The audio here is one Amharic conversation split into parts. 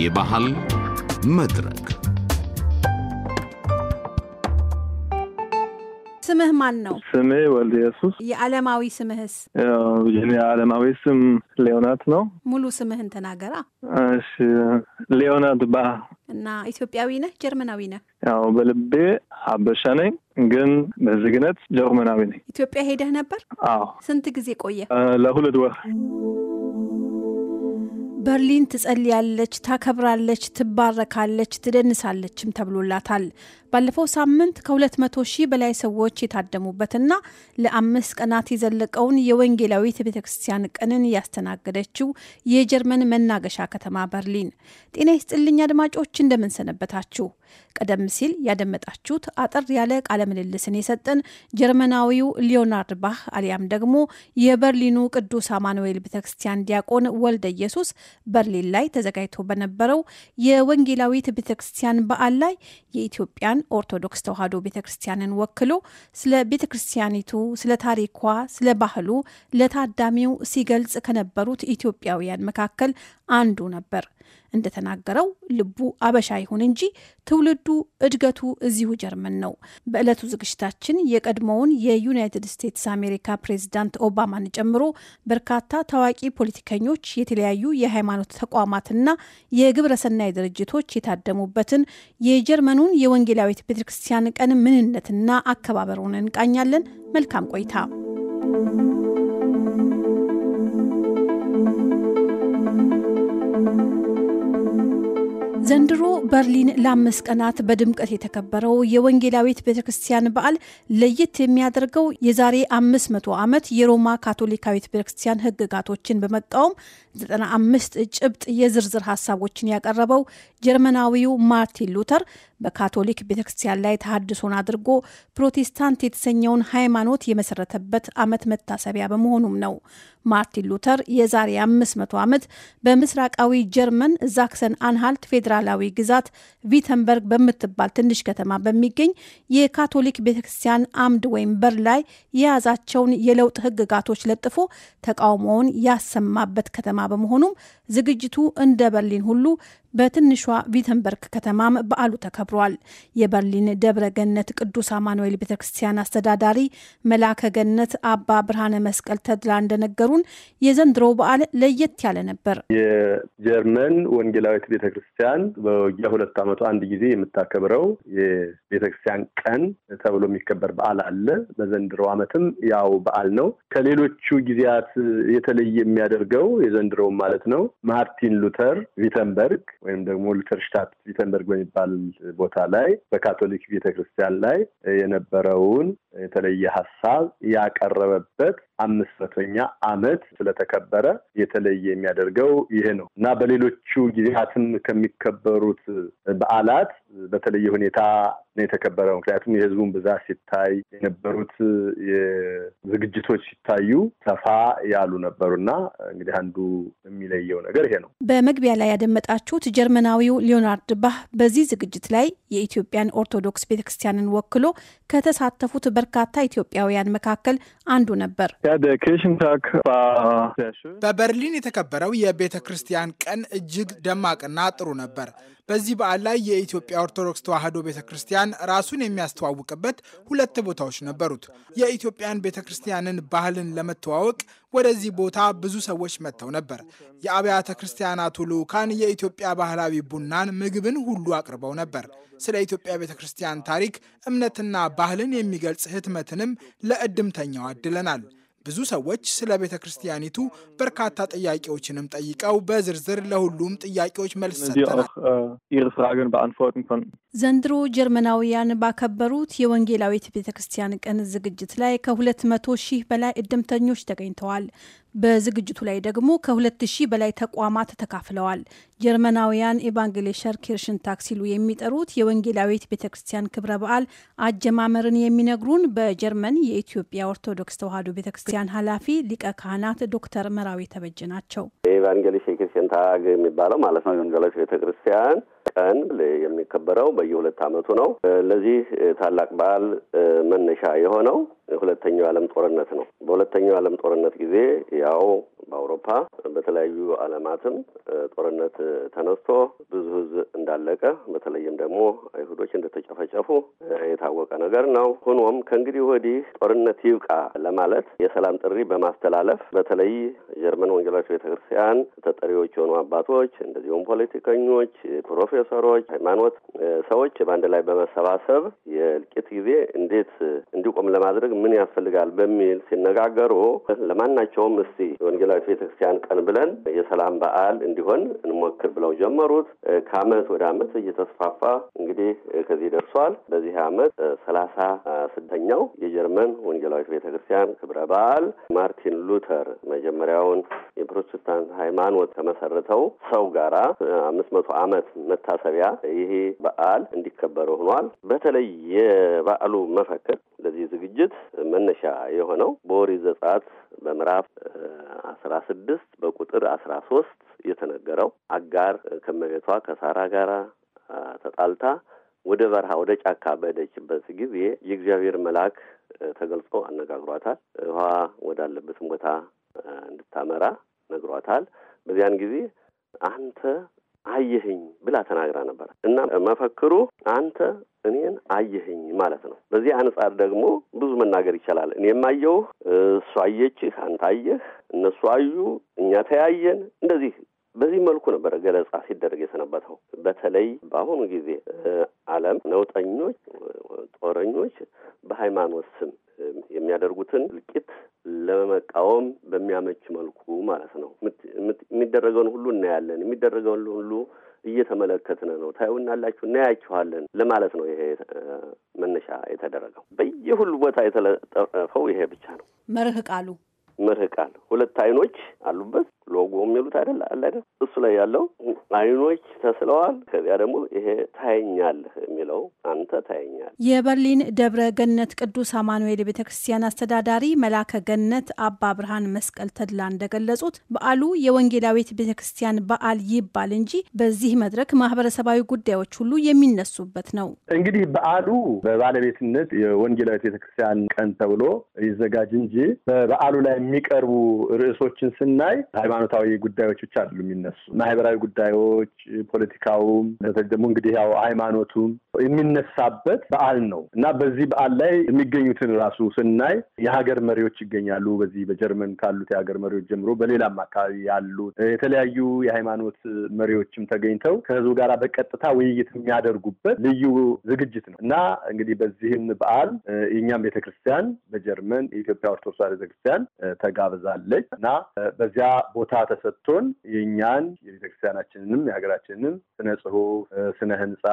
የባህል መድረክ ስምህ ማን ነው? ስሜ ወልድ ኢየሱስ። የዓለማዊ ስምህስ? የዓለማዊ ስም ሌዮናት ነው። ሙሉ ስምህን ተናገራ። እሺ፣ ሌዮናት ባ እና ኢትዮጵያዊ ነህ? ጀርመናዊ ነህ? ያው በልቤ አበሻ ነኝ፣ ግን በዜግነት ጀርመናዊ ነኝ። ኢትዮጵያ ሄደህ ነበር? አዎ። ስንት ጊዜ ቆየ? ለሁለት ወር በርሊን ትጸልያለች፣ ታከብራለች፣ ትባረካለች፣ ትደንሳለችም ተብሎላታል። ባለፈው ሳምንት ከ200 ሺህ በላይ ሰዎች የታደሙበትና ለአምስት ቀናት የዘለቀውን የወንጌላዊት ቤተ ክርስቲያን ቀንን ያስተናገደችው የጀርመን መናገሻ ከተማ በርሊን። ጤና ይስጥልኝ አድማጮች፣ እንደምንሰነበታችሁ ቀደም ሲል ያደመጣችሁት አጠር ያለ ቃለ ምልልስን የሰጠን ጀርመናዊው ሊዮናርድ ባህ አሊያም ደግሞ የበርሊኑ ቅዱስ አማኑኤል ቤተክርስቲያን ዲያቆን ወልደ ኢየሱስ በርሊን ላይ ተዘጋጅቶ በነበረው የወንጌላዊት ቤተክርስቲያን በዓል ላይ የኢትዮጵያን ኦርቶዶክስ ተዋሕዶ ቤተክርስቲያንን ወክሎ ስለ ቤተክርስቲያኒቱ፣ ስለ ታሪኳ፣ ስለ ባህሉ ለታዳሚው ሲገልጽ ከነበሩት ኢትዮጵያውያን መካከል አንዱ ነበር። እንደተናገረው ልቡ አበሻ ይሁን እንጂ ትውልዱ እድገቱ እዚሁ ጀርመን ነው። በዕለቱ ዝግጅታችን የቀድሞውን የዩናይትድ ስቴትስ አሜሪካ ፕሬዚዳንት ኦባማን ጨምሮ በርካታ ታዋቂ ፖለቲከኞች፣ የተለያዩ የሃይማኖት ተቋማትና የግብረሰናይ ድርጅቶች የታደሙበትን የጀርመኑን የወንጌላዊት ቤተክርስቲያን ቀን ምንነትና አከባበሩን እንቃኛለን። መልካም ቆይታ። ዘንድሮ በርሊን ለአምስት ቀናት በድምቀት የተከበረው የወንጌላዊት ቤተ ክርስቲያን በዓል ለየት የሚያደርገው የዛሬ 500 ዓመት የሮማ ካቶሊካዊት ቤተ ክርስቲያን ሕግጋቶችን በመቃወም 95 ጭብጥ የዝርዝር ሀሳቦችን ያቀረበው ጀርመናዊው ማርቲን ሉተር በካቶሊክ ቤተክርስቲያን ላይ ተሃድሶን አድርጎ ፕሮቴስታንት የተሰኘውን ሃይማኖት የመሰረተበት ዓመት መታሰቢያ በመሆኑም ነው። ማርቲን ሉተር የዛሬ 500 ዓመት በምስራቃዊ ጀርመን ዛክሰን አንሃልት ፌዴራላዊ ግዛት ቪተንበርግ በምትባል ትንሽ ከተማ በሚገኝ የካቶሊክ ቤተክርስቲያን አምድ ወይም በር ላይ የያዛቸውን የለውጥ ህግጋቶች ለጥፎ ተቃውሞውን ያሰማበት ከተማ በመሆኑም ዝግጅቱ እንደ በርሊን ሁሉ በትንሿ ቪተንበርግ ከተማም በዓሉ ተከብሯል። የበርሊን ደብረ ገነት ቅዱስ አማኑኤል ቤተ ክርስቲያን አስተዳዳሪ መላከ ገነት አባ ብርሃነ መስቀል ተድላ እንደነገሩን የዘንድሮው በዓል ለየት ያለ ነበር። የጀርመን ወንጌላዊት ቤተ ክርስቲያን በየሁለት ዓመቱ አንድ ጊዜ የምታከብረው የቤተ ክርስቲያን ቀን ተብሎ የሚከበር በዓል አለ። በዘንድሮ ዓመትም ያው በዓል ነው። ከሌሎቹ ጊዜያት የተለየ የሚያደርገው የዘንድሮው ማለት ነው ማርቲን ሉተር ቪተንበርግ ወይም ደግሞ ሽታት ቪተንበርግ በሚባል ቦታ ላይ በካቶሊክ ቤተክርስቲያን ላይ የነበረውን የተለየ ሀሳብ ያቀረበበት አምስት መቶኛ አመት ስለተከበረ የተለየ የሚያደርገው ይሄ ነው እና በሌሎቹ ጊዜያትም ከሚከበሩት በዓላት በተለየ ሁኔታ ነው የተከበረው። ምክንያቱም የህዝቡን ብዛት ሲታይ የነበሩት ዝግጅቶች ሲታዩ ሰፋ ያሉ እና እንግዲህ አንዱ የሚለየው ነገር ይሄ ነው። በመግቢያ ላይ ያደመጣችሁት ጀርመናዊው ሊዮናርድ ባህ በዚህ ዝግጅት ላይ የኢትዮጵያን ኦርቶዶክስ ቤተክርስቲያንን ወክሎ ከተሳተፉት በርካታ ኢትዮጵያውያን መካከል አንዱ ነበር። der Kirchentag war sehr schön. በበርሊን የተከበረው የቤተ ክርስቲያን ቀን እጅግ ደማቅና ጥሩ ነበር። በዚህ በዓል ላይ የኢትዮጵያ ኦርቶዶክስ ተዋሕዶ ቤተ ክርስቲያን ራሱን የሚያስተዋውቅበት ሁለት ቦታዎች ነበሩት። የኢትዮጵያን ቤተ ክርስቲያንን ባህልን ለመተዋወቅ ወደዚህ ቦታ ብዙ ሰዎች መጥተው ነበር። የአብያተ ክርስቲያናቱ ልዑካን የኢትዮጵያ ባህላዊ ቡናን፣ ምግብን ሁሉ አቅርበው ነበር። ስለ ኢትዮጵያ ቤተ ክርስቲያን ታሪክ፣ እምነትና ባህልን የሚገልጽ ህትመትንም ለእድምተኛው አድለናል። ብዙ ሰዎች ስለ ቤተ ክርስቲያኒቱ በርካታ ጥያቄዎችንም ጠይቀው በዝርዝር ለሁሉም ጥያቄዎች መልስ ሰጥተናል። uh, ዘንድሮ ጀርመናውያን ባከበሩት የወንጌላዊት ቤተ ክርስቲያን ቀን ዝግጅት ላይ ከሁለት መቶ ሺህ በላይ እድምተኞች ተገኝተዋል። በዝግጅቱ ላይ ደግሞ ከሁለት ሺህ በላይ ተቋማት ተካፍለዋል። ጀርመናውያን ኤቫንጌሊሸር ኪርሽንታክ ሲሉ የሚጠሩት የወንጌላዊት ቤተ ክርስቲያን ክብረ በዓል አጀማመርን የሚነግሩን በጀርመን የኢትዮጵያ ኦርቶዶክስ ተዋሕዶ ቤተ ክርስቲያን ኃላፊ ሊቀ ካህናት ዶክተር መራዊ ተበጅ ናቸው። ኤቫንጌሊሽ ኪርሽንታክ የሚባለው ማለት ነው የወንጌላዊት ቤተ ክርስቲያን ቀን የሚከበረው በየሁለት ዓመቱ ነው። ለዚህ ታላቅ በዓል መነሻ የሆነው ሁለተኛው ዓለም ጦርነት ነው። በሁለተኛው ዓለም ጦርነት ጊዜ ያው በአውሮፓ በተለያዩ ዓለማትም ጦርነት ተነስቶ ብዙ ሕዝብ እንዳለቀ በተለይም ደግሞ አይሁዶች እንደተጨፈጨፉ የታወቀ ነገር ነው። ሆኖም ከእንግዲህ ወዲህ ጦርነት ይብቃ ለማለት የሰላም ጥሪ በማስተላለፍ በተለይ ጀርመን ወንጌላዊት ቤተክርስቲያን ተጠሪዎች የሆኑ አባቶች እንደዚሁም ፖለቲከኞች፣ ፕሮፌሰሮች፣ ሃይማኖት ሰዎች በአንድ ላይ በመሰባሰብ የእልቂት ጊዜ እንዴት እንዲቆም ለማድረግ ምን ያስፈልጋል በሚል ሲነጋገሩ ለማናቸውም እስቲ የወንጌላዊት ቤተክርስቲያን ቀን ብለን የሰላም በዓል እንዲሆን እንሞክር ብለው ጀመሩት። ከአመት ወደ አመት እየተስፋፋ እንግዲህ ከዚህ ደርሷል። በዚህ አመት ሰላሳ ስድስተኛው የጀርመን ወንጌላዊት ቤተክርስቲያን ክብረ በዓል ማርቲን ሉተር መጀመሪያውን የፕሮቴስታንት ሃይማኖት ከመሰረተው ሰው ጋራ አምስት መቶ አመት መታሰቢያ ይሄ በዓል እንዲከበር ሆኗል። በተለይ የበዓሉ መፈክር ለዚህ ዝግጅት መነሻ የሆነው በኦሪት ዘጸአት በምዕራፍ አስራ ስድስት በቁጥር አስራ ሶስት የተነገረው አጋር ከመቤቷ ከሳራ ጋር ተጣልታ ወደ በረሃ ወደ ጫካ በሄደችበት ጊዜ የእግዚአብሔር መልአክ ተገልጾ አነጋግሯታል። ውሃ ወዳለበትም ቦታ እንድታመራ ነግሯታል። በዚያን ጊዜ አንተ አየህኝ ብላ ተናግራ ነበር እና መፈክሩ አንተ እኔን አየህኝ ማለት ነው። በዚህ አንጻር ደግሞ ብዙ መናገር ይቻላል። እኔም አየሁህ፣ እሷ አየችህ፣ አንተ አየህ፣ እነሱ አዩ፣ እኛ ተያየን። እንደዚህ በዚህ መልኩ ነበረ ገለጻ ሲደረግ የሰነበተው። በተለይ በአሁኑ ጊዜ ዓለም ነውጠኞች፣ ጦረኞች በሃይማኖት ስም የሚያደርጉትን እልቂት ለመቃወም በሚያመች መልኩ ማለት ነው የሚደረገውን ሁሉ እናያለን። የሚደረገውን ሁሉ እየተመለከትን ነው። ታዩናላችሁ፣ እናያችኋለን ለማለት ነው። ይሄ መነሻ የተደረገው በየሁሉ ቦታ የተለጠፈው ይሄ ብቻ ነው መርህ ቃሉ መርህ ቃል ሁለት አይኖች አሉበት ሎጎ የሚሉት አይደል አለ አይደል እሱ ላይ ያለው አይኖች ተስለዋል። ከዚያ ደግሞ ይሄ ታየኛለህ የሚለው አንተ ታየኛል። የበርሊን ደብረ ገነት ቅዱስ አማኑኤል ቤተ ክርስቲያን አስተዳዳሪ መላከ ገነት አባ ብርሃን መስቀል ተድላ እንደገለጹት በዓሉ የወንጌላዊት ቤተ ክርስቲያን በዓል ይባል እንጂ በዚህ መድረክ ማህበረሰባዊ ጉዳዮች ሁሉ የሚነሱበት ነው። እንግዲህ በዓሉ በባለቤትነት የወንጌላዊት ቤተ ክርስቲያን ቀን ተብሎ ይዘጋጅ እንጂ በበዓሉ ላይ የሚቀርቡ ርዕሶችን ስናይ ሃይማኖታዊ ጉዳዮች ብቻ አይደሉም የሚነሱ ማህበራዊ ጉዳዮች፣ ፖለቲካውም ደግሞ እንግዲህ ያው ሃይማኖቱም የሚነሳበት በዓል ነው እና በዚህ በዓል ላይ የሚገኙትን ራሱ ስናይ የሀገር መሪዎች ይገኛሉ። በዚህ በጀርመን ካሉት የሀገር መሪዎች ጀምሮ በሌላም አካባቢ ያሉ የተለያዩ የሃይማኖት መሪዎችም ተገኝተው ከህዝቡ ጋር በቀጥታ ውይይት የሚያደርጉበት ልዩ ዝግጅት ነው እና እንግዲህ በዚህም በዓል የእኛም ቤተክርስቲያን በጀርመን የኢትዮጵያ ኦርቶዶክስ ቤተክርስቲያን ተጋብዛለች እና በዚያ ቦታ ተሰጥቶን የእኛን የቤተክርስቲያናችንንም የሀገራችንንም ስነ ጽሁፍ፣ ስነ ህንፃ፣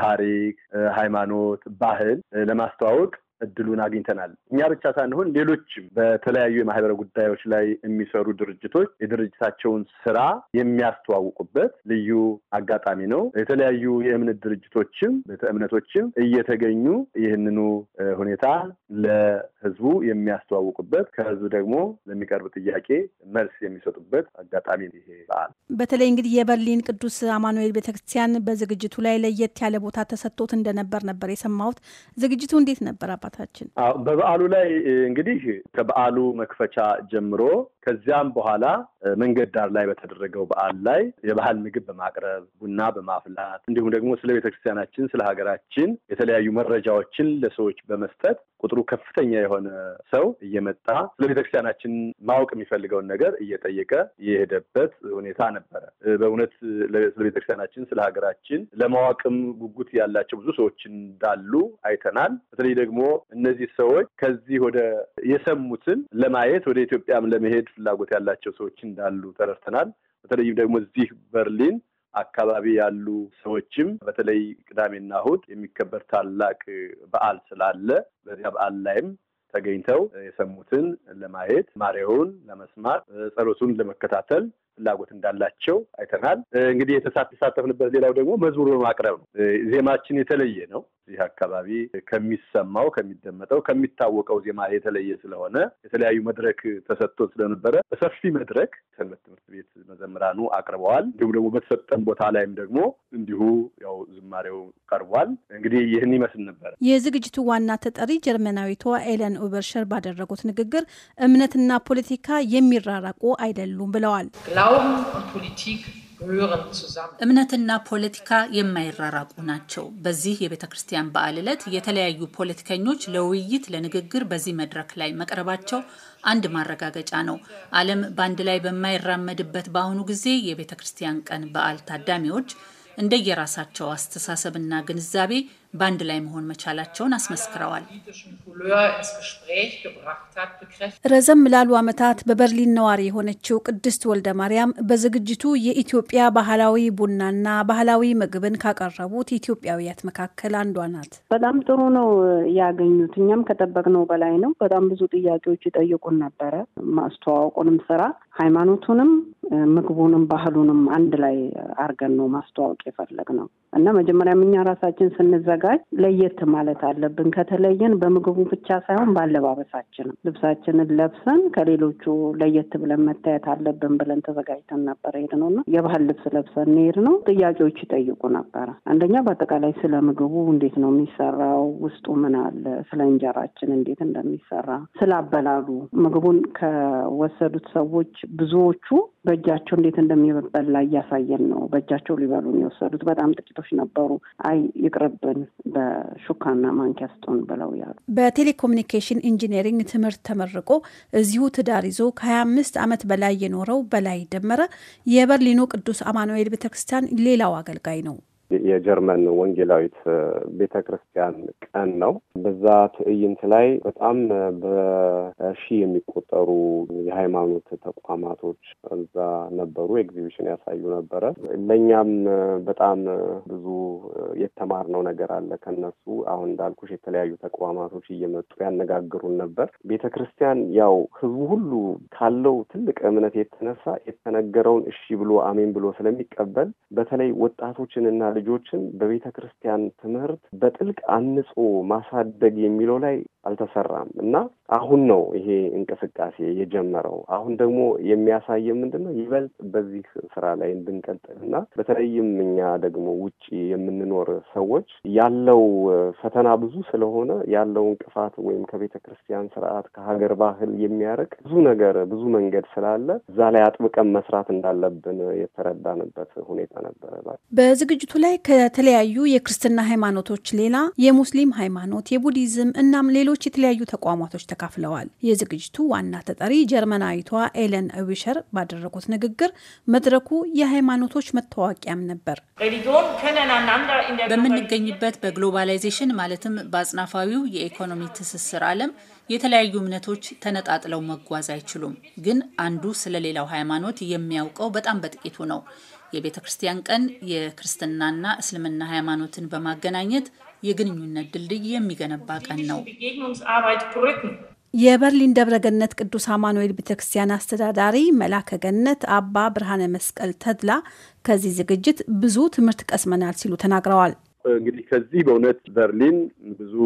ታሪክ፣ ሃይማኖት፣ ባህል ለማስተዋወቅ እድሉን አግኝተናል። እኛ ብቻ ሳንሆን ሌሎችም በተለያዩ የማህበረ ጉዳዮች ላይ የሚሰሩ ድርጅቶች የድርጅታቸውን ስራ የሚያስተዋውቁበት ልዩ አጋጣሚ ነው። የተለያዩ የእምነት ድርጅቶችም ቤተ እምነቶችም እየተገኙ ይህንኑ ሁኔታ ለህዝቡ የሚያስተዋውቁበት ከህዝቡ ደግሞ ለሚቀርብ ጥያቄ መልስ የሚሰጡበት አጋጣሚ ይሄ በዓል በተለይ እንግዲህ የበርሊን ቅዱስ አማኑኤል ቤተክርስቲያን በዝግጅቱ ላይ ለየት ያለ ቦታ ተሰጥቶት እንደነበር ነበር የሰማሁት። ዝግጅቱ እንዴት ነበር በሰዓታችን በበዓሉ ላይ እንግዲህ ከበዓሉ መክፈቻ ጀምሮ ከዚያም በኋላ መንገድ ዳር ላይ በተደረገው በዓል ላይ የባህል ምግብ በማቅረብ ቡና በማፍላት እንዲሁም ደግሞ ስለ ቤተክርስቲያናችን፣ ስለ ሀገራችን የተለያዩ መረጃዎችን ለሰዎች በመስጠት ቁጥሩ ከፍተኛ የሆነ ሰው እየመጣ ስለ ቤተክርስቲያናችን ማወቅ የሚፈልገውን ነገር እየጠየቀ የሄደበት ሁኔታ ነበረ። በእውነት ስለ ቤተክርስቲያናችን፣ ስለ ሀገራችን ለማወቅም ጉጉት ያላቸው ብዙ ሰዎች እንዳሉ አይተናል። በተለይ ደግሞ እነዚህ ሰዎች ከዚህ ወደ የሰሙትን ለማየት ወደ ኢትዮጵያም ለመሄድ ፍላጎት ያላቸው ሰዎች እንዳሉ ተረድተናል። በተለይም ደግሞ እዚህ በርሊን አካባቢ ያሉ ሰዎችም በተለይ ቅዳሜና እሑድ የሚከበር ታላቅ በዓል ስላለ በዚያ በዓል ላይም ተገኝተው የሰሙትን ለማየት ማሪያውን ለመስማት ጸሎቱን ለመከታተል ፍላጎት እንዳላቸው አይተናል። እንግዲህ የተሳተፍንበት ሌላው ደግሞ መዝሙር በማቅረብ ነው። ዜማችን የተለየ ነው። ይህ አካባቢ ከሚሰማው ከሚደመጠው፣ ከሚታወቀው ዜማ የተለየ ስለሆነ የተለያዩ መድረክ ተሰጥቶ ስለነበረ በሰፊ መድረክ ሰንበት ትምህርት ቤት መዘምራኑ አቅርበዋል። እንዲሁም ደግሞ በተሰጠን ቦታ ላይም ደግሞ እንዲሁ ያው ዝማሬው ቀርቧል። እንግዲህ ይህን ይመስል ነበረ። የዝግጅቱ ዋና ተጠሪ ጀርመናዊቷ ኤለን ኡበርሸር ባደረጉት ንግግር እምነትና ፖለቲካ የሚራራቁ አይደሉም ብለዋል። Glauben und Politik እምነትና ፖለቲካ የማይራራቁ ናቸው። በዚህ የቤተ ክርስቲያን በዓል ዕለት የተለያዩ ፖለቲከኞች ለውይይት፣ ለንግግር በዚህ መድረክ ላይ መቅረባቸው አንድ ማረጋገጫ ነው። ዓለም በአንድ ላይ በማይራመድበት በአሁኑ ጊዜ የቤተ ክርስቲያን ቀን በዓል ታዳሚዎች እንደየራሳቸው አስተሳሰብና ግንዛቤ በአንድ ላይ መሆን መቻላቸውን አስመስክረዋል። ረዘም ላሉ ዓመታት በበርሊን ነዋሪ የሆነችው ቅድስት ወልደ ማርያም በዝግጅቱ የኢትዮጵያ ባህላዊ ቡናና ባህላዊ ምግብን ካቀረቡት ኢትዮጵያውያት መካከል አንዷ ናት። በጣም ጥሩ ነው ያገኙት። እኛም ከጠበቅነው በላይ ነው። በጣም ብዙ ጥያቄዎች ይጠይቁን ነበረ። ማስተዋወቁንም ስራ ሃይማኖቱንም ምግቡንም ባህሉንም አንድ ላይ አድርገን ነው ማስተዋወቅ የፈለግ ነው። እና መጀመሪያም እኛ ራሳችን ስንዘጋጅ ለየት ማለት አለብን። ከተለየን በምግቡ ብቻ ሳይሆን ባለባበሳችንም ልብሳችንን ለብሰን ከሌሎቹ ለየት ብለን መታየት አለብን ብለን ተዘጋጅተን ነበር ሄድ ነው እና የባህል ልብስ ለብሰን ሄድ ነው። ጥያቄዎች ይጠይቁ ነበረ። አንደኛ በአጠቃላይ ስለ ምግቡ እንዴት ነው የሚሰራው፣ ውስጡ ምን አለ፣ ስለ እንጀራችን እንዴት እንደሚሰራ፣ ስላበላሉ ምግቡን ከወሰዱት ሰዎች ብዙዎቹ በእጃቸው እንዴት እንደሚበላ እያሳየን ነው። በእጃቸው ሊበሉን የወሰዱት በጣም ጥቂቶች ነበሩ። አይ ይቅርብን፣ በሹካና ማንኪያ ስጡን ብለው ያሉ። በቴሌኮሙኒኬሽን ኢንጂነሪንግ ትምህርት ተመርቆ እዚሁ ትዳር ይዞ ከሀያ አምስት ዓመት በላይ የኖረው በላይ ደመረ የበርሊኑ ቅዱስ አማኑኤል ቤተክርስቲያን ሌላው አገልጋይ ነው። የጀርመን ወንጌላዊት ቤተ ክርስቲያን ቀን ነው። በዛ ትዕይንት ላይ በጣም በሺ የሚቆጠሩ የሃይማኖት ተቋማቶች እዛ ነበሩ፣ ኤግዚቢሽን ያሳዩ ነበረ። ለእኛም በጣም ብዙ የተማርነው ነገር አለ ከነሱ። አሁን እንዳልኩሽ የተለያዩ ተቋማቶች እየመጡ ያነጋግሩን ነበር። ቤተ ክርስቲያን ያው ህዝቡ ሁሉ ካለው ትልቅ እምነት የተነሳ የተነገረውን እሺ ብሎ አሜን ብሎ ስለሚቀበል በተለይ ወጣቶችንና ልጆችን በቤተ ክርስቲያን ትምህርት በጥልቅ አንጾ ማሳደግ የሚለው ላይ አልተሰራም እና አሁን ነው ይሄ እንቅስቃሴ የጀመረው። አሁን ደግሞ የሚያሳየ ምንድን ነው ይበልጥ በዚህ ስራ ላይ እንድንቀጥል እና በተለይም እኛ ደግሞ ውጭ የምንኖር ሰዎች ያለው ፈተና ብዙ ስለሆነ ያለው እንቅፋት ወይም ከቤተ ክርስቲያን ስርዓት ከሀገር ባህል የሚያርቅ ብዙ ነገር ብዙ መንገድ ስላለ እዛ ላይ አጥብቀን መስራት እንዳለብን የተረዳንበት ሁኔታ ነበረ። በዝግጅቱ ላይ ከተለያዩ የክርስትና ሃይማኖቶች ሌላ የሙስሊም ሃይማኖት፣ የቡዲዝም እናም ሌሎች የተለያዩ ተቋማቶች ተካፍለዋል። የዝግጅቱ ዋና ተጠሪ ጀርመናዊቷ ኤለን ዊሸር ባደረጉት ንግግር መድረኩ የሃይማኖቶች መታወቂያም ነበር። በምንገኝበት በግሎባላይዜሽን ማለትም በአጽናፋዊው የኢኮኖሚ ትስስር ዓለም የተለያዩ እምነቶች ተነጣጥለው መጓዝ አይችሉም። ግን አንዱ ስለሌላው ሃይማኖት የሚያውቀው በጣም በጥቂቱ ነው። የቤተ ክርስቲያን ቀን የክርስትናና እስልምና ሃይማኖትን በማገናኘት የግንኙነት ድልድይ የሚገነባ ቀን ነው። የበርሊን ደብረገነት ቅዱስ አማኑኤል ቤተክርስቲያን አስተዳዳሪ መላከ ገነት አባ ብርሃነ መስቀል ተድላ ከዚህ ዝግጅት ብዙ ትምህርት ቀስመናል ሲሉ ተናግረዋል። እንግዲህ ከዚህ በእውነት በርሊን ብዙ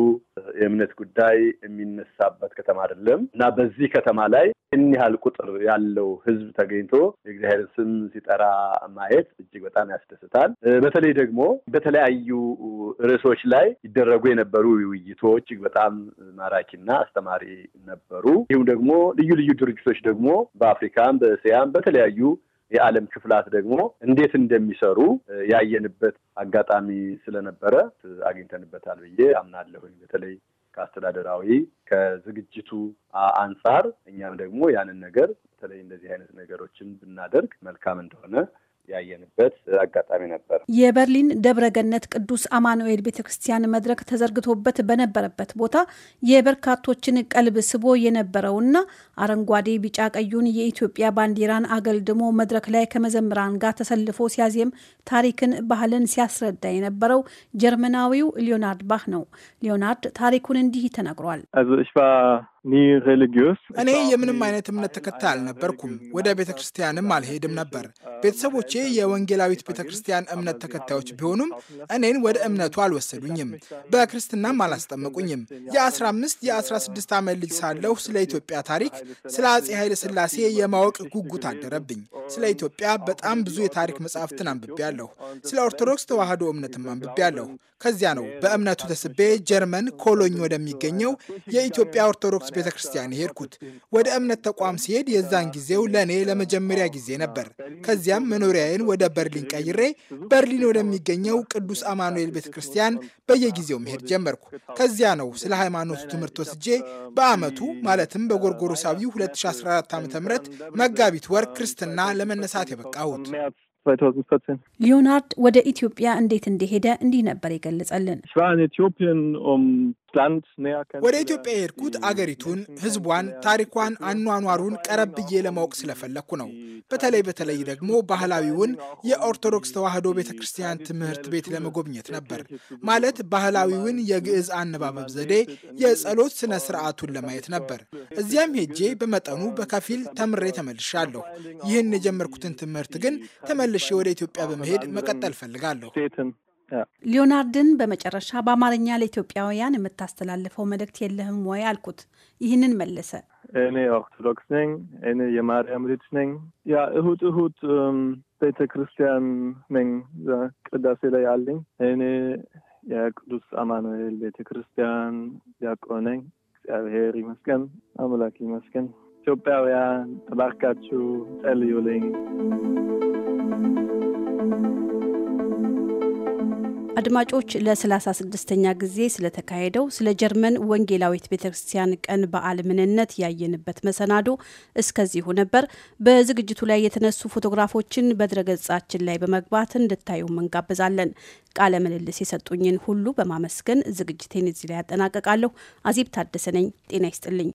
የእምነት ጉዳይ የሚነሳበት ከተማ አይደለም እና በዚህ ከተማ ላይ ይህን ያህል ቁጥር ያለው ህዝብ ተገኝቶ የእግዚአብሔር ስም ሲጠራ ማየት እጅግ በጣም ያስደስታል። በተለይ ደግሞ በተለያዩ ርዕሶች ላይ ይደረጉ የነበሩ ውይይቶች እጅግ በጣም ማራኪና አስተማሪ ነበሩ። ይሁም ደግሞ ልዩ ልዩ ድርጅቶች ደግሞ በአፍሪካም በእስያም በተለያዩ የዓለም ክፍላት ደግሞ እንዴት እንደሚሰሩ ያየንበት አጋጣሚ ስለነበረ አግኝተንበታል ብዬ አምናለሁኝ። በተለይ ከአስተዳደራዊ ከዝግጅቱ አንጻር እኛም ደግሞ ያንን ነገር በተለይ እንደዚህ አይነት ነገሮችን ብናደርግ መልካም እንደሆነ ያየንበት አጋጣሚ ነበር። የበርሊን ደብረገነት ቅዱስ አማኑኤል ቤተ ክርስቲያን መድረክ ተዘርግቶበት በነበረበት ቦታ የበርካቶችን ቀልብ ስቦ የነበረውና አረንጓዴ፣ ቢጫ፣ ቀዩን የኢትዮጵያ ባንዲራን አገልድሞ መድረክ ላይ ከመዘምራን ጋር ተሰልፎ ሲያዜም ታሪክን፣ ባህልን ሲያስረዳ የነበረው ጀርመናዊው ሊዮናርድ ባህ ነው። ሊዮናርድ ታሪኩን እንዲህ ተናግሯል። እኔ የምንም አይነት እምነት ተከታይ አልነበርኩም። ወደ ቤተ ክርስቲያንም አልሄድም ነበር። ቤተሰቦቼ የወንጌላዊት ቤተ ክርስቲያን እምነት ተከታዮች ቢሆኑም እኔን ወደ እምነቱ አልወሰዱኝም፣ በክርስትናም አላስጠመቁኝም። የ15 የ16 ዓመት ልጅ ሳለሁ ስለ ኢትዮጵያ ታሪክ፣ ስለ አጼ ኃይለ ስላሴ የማወቅ ጉጉት አደረብኝ። ስለ ኢትዮጵያ በጣም ብዙ የታሪክ መጽሐፍትን አንብቤያለሁ። ስለ ኦርቶዶክስ ተዋህዶ እምነትም አንብቤያለሁ። ከዚያ ነው በእምነቱ ተስቤ ጀርመን ኮሎኝ ወደሚገኘው የኢትዮጵያ ኦርቶዶክስ ቤተ ክርስቲያን የሄድኩት። ወደ እምነት ተቋም ሲሄድ የዛን ጊዜው ለእኔ ለመጀመሪያ ጊዜ ነበር። ከዚያም መኖሪያዬን ወደ በርሊን ቀይሬ በርሊን ወደሚገኘው ቅዱስ አማኑኤል ቤተ ክርስቲያን በየጊዜው መሄድ ጀመርኩ። ከዚያ ነው ስለ ሃይማኖቱ ትምህርት ወስጄ በዓመቱ ማለትም በጎርጎሮሳዊው 2014 ዓ ም መጋቢት ወር ክርስትና ለመነሳት የበቃሁት። ሊዮናርድ ወደ ኢትዮጵያ እንዴት እንደሄደ እንዲህ ነበር የገለጸልን። ወደ ኢትዮጵያ የሄድኩት አገሪቱን፣ ህዝቧን ታሪኳን፣ አኗኗሩን ቀረብ ብዬ ለማወቅ ስለፈለግኩ ነው። በተለይ በተለይ ደግሞ ባህላዊውን የኦርቶዶክስ ተዋህዶ ቤተ ክርስቲያን ትምህርት ቤት ለመጎብኘት ነበር። ማለት ባህላዊውን የግዕዝ አነባበብ ዘዴ፣ የጸሎት ስነ ስርዓቱን ለማየት ነበር። እዚያም ሄጄ በመጠኑ በከፊል ተምሬ ተመልሻለሁ። ይህን የጀመርኩትን ትምህርት ግን ተመልሼ ወደ ኢትዮጵያ በመሄድ መቀጠል ፈልጋለሁ። ሊዮናርድን በመጨረሻ በአማርኛ ለኢትዮጵያውያን የምታስተላልፈው መልእክት የለህም ወይ አልኩት። ይህንን መለሰ። እኔ ኦርቶዶክስ ነኝ። እኔ የማርያም ልጅ ነኝ። ያ እሁድ እሁድ ቤተ ክርስቲያን ነኝ። ቅዳሴ ላይ አለኝ። እኔ የቅዱስ አማኑኤል ቤተ ክርስቲያን ዲያቆን ነኝ። እግዚአብሔር ይመስገን፣ አምላክ ይመስገን። ኢትዮጵያውያን ተባርካችሁ ጸልዩልኝ። አድማጮች ለ36ኛ ጊዜ ስለተካሄደው ስለ ጀርመን ወንጌላዊት ቤተ ክርስቲያን ቀን በዓል ምንነት ያየንበት መሰናዶ እስከዚሁ ነበር። በዝግጅቱ ላይ የተነሱ ፎቶግራፎችን በድረገጻችን ላይ በመግባት እንድታዩም እንጋብዛለን። ቃለ ምልልስ የሰጡኝን ሁሉ በማመስገን ዝግጅቴን እዚህ ላይ ያጠናቀቃለሁ። አዜብ ታደሰ ነኝ። ጤና ይስጥልኝ።